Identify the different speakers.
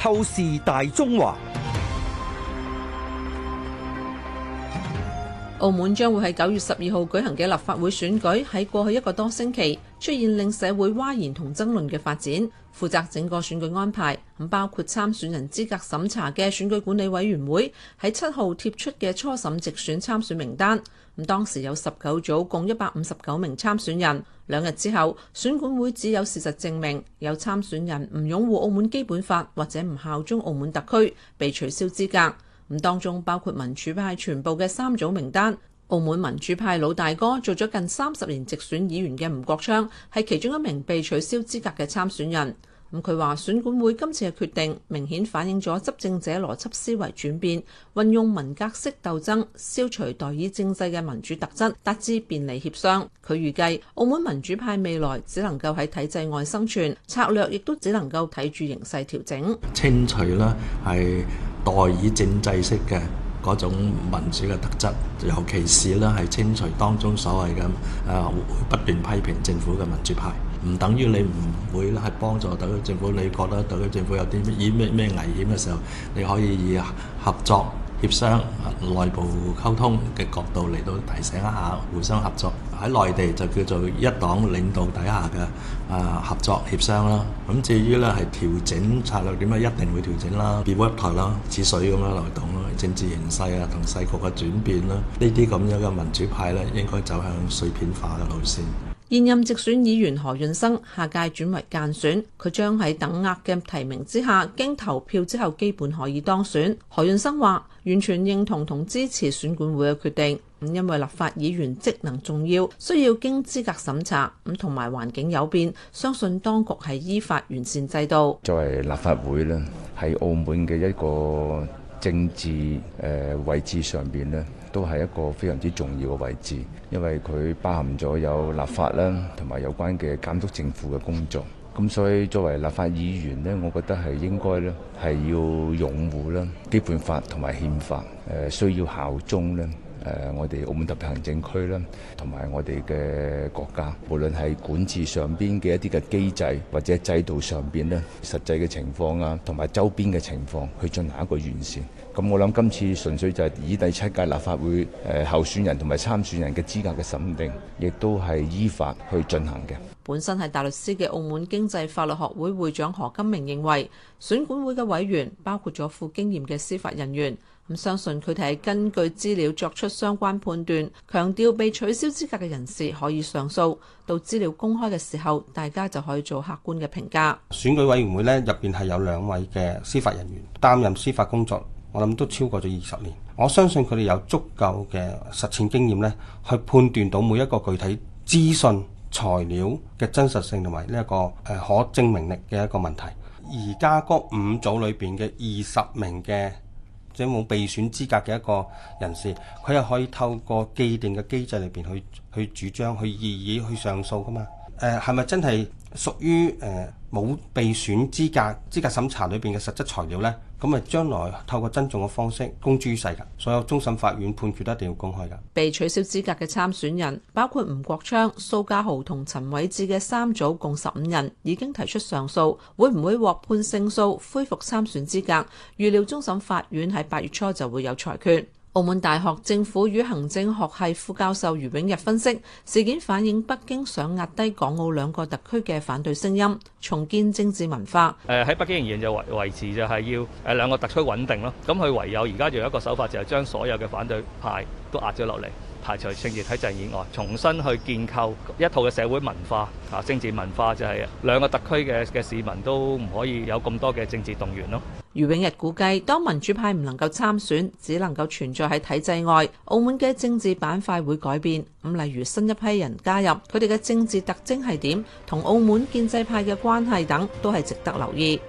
Speaker 1: 透視大中華。
Speaker 2: 澳門將會喺九月十二號舉行嘅立法會選舉，喺過去一個多星期出現令社會嘩然同爭論嘅發展。負責整個選舉安排，咁包括參選人資格審查嘅選舉管理委員會喺七號貼出嘅初審直選參選名單，咁當時有十九組共一百五十九名參選人。兩日之後，選管會只有事實證明有參選人唔擁護澳門基本法或者唔效忠澳門特區，被取消資格。咁當中包括民主派全部嘅三組名單，澳門民主派老大哥做咗近三十年直選議員嘅吳國昌係其中一名被取消資格嘅參選人。咁佢話選管會今次嘅決定明顯反映咗執政者邏輯思維轉變，運用文革式鬥爭消除代議政制嘅民主特質，達至便利協商。佢預計澳門民主派未來只能夠喺體制外生存，策略亦都只能夠睇住形勢調整。
Speaker 3: 清除啦，係。代以政制式嘅嗰種民主嘅特質，尤其是咧係清除當中所謂嘅啊，不斷批評政府嘅民主派，唔等於你唔會咧係幫助到特區政府，你覺得對特區政府有啲以咩咩危險嘅時候，你可以以合作。協商、啊、內部溝通嘅角度嚟到提醒一下，互相合作喺內地就叫做一黨領導底下嘅啊合作協商啦。咁、啊、至於咧係調整策略點解，一定會調整啦，變換台啦，似水咁樣流動啦、啊，政治形勢啊同世局嘅轉變啦，呢啲咁樣嘅民主派呢、啊，應該走向碎片化嘅路線。
Speaker 2: 現任直選議員何潤生下屆轉為間選，佢將喺等額嘅提名之下經投票之後基本可以當選。何潤生話：完全認同同支持選管會嘅決定，咁因為立法議員職能重要，需要經資格審查，咁同埋環境有變，相信當局係依法完善制度。
Speaker 4: 作為立法會呢喺澳門嘅一個政治誒位置上邊都係一個非常之重要嘅位置，因為佢包含咗有立法啦，同埋有關嘅監督政府嘅工作。咁所以作為立法議員呢，我覺得係應該呢，係要擁護啦《基本法》同埋憲法，誒需要效忠呢。誒，我哋澳門特別行政區啦，同埋我哋嘅國家，無論係管治上邊嘅一啲嘅機制或者制度上邊呢，實際嘅情況啊，同埋周邊嘅情況，去進行一個完善。咁我諗今次純粹就係以第七屆立法會誒候選人同埋參選人嘅資格嘅審定，亦都係依法去進行嘅。
Speaker 2: 本身係大律師嘅澳門經濟法律學會會長何金明認為，選管會嘅委員包括咗富經驗嘅司法人員。相信佢哋係根據資料作出相關判斷，強調被取消資格嘅人士可以上訴，到資料公開嘅時候，大家就可以做客觀嘅評價。
Speaker 1: 選舉委員會咧入邊係有兩位嘅司法人員擔任司法工作，我諗都超過咗二十年。我相信佢哋有足夠嘅實踐經驗咧，去判斷到每一個具體資訊材料嘅真實性同埋呢一個誒可證明力嘅一個問題。而家嗰五組裏邊嘅二十名嘅。即係冇備選資格嘅一個人士，佢又可以透過既定嘅機制裏邊去去主張去異議去上訴㗎嘛。誒係咪真係屬於誒冇被選資格？資格審查裏面嘅實質材料呢，咁咪將來透過增重嘅方式公諸於世㗎。所有終審法院判決都一定要公
Speaker 2: 開㗎。被取消資格嘅參選人包括吳國昌、蘇家豪同陳偉志嘅三組共十五人已經提出上訴，會唔會獲判勝訴恢復參選資格？預料終審法院喺八月初就會有裁決。澳門大學政府與行政學系副教授余永逸分析事件，反映北京想壓低港澳兩個特區嘅反對聲音，重建政治文化。
Speaker 4: 誒，喺北京仍然就維維持就係要誒兩個特區穩定咯。咁佢唯有而家仲有一個手法就係將所有嘅反對派都壓咗落嚟，排除政治體制以外，重新去建構一套嘅社會文化啊，政治文化就係兩個特區嘅嘅市民都唔可以有咁多嘅政治動員咯。
Speaker 2: 余永日估計，當民主派唔能夠參選，只能夠存在喺體制外，澳門嘅政治板塊會改變。咁例如新一批人加入，佢哋嘅政治特徵係點，同澳門建制派嘅關係等，都係值得留意。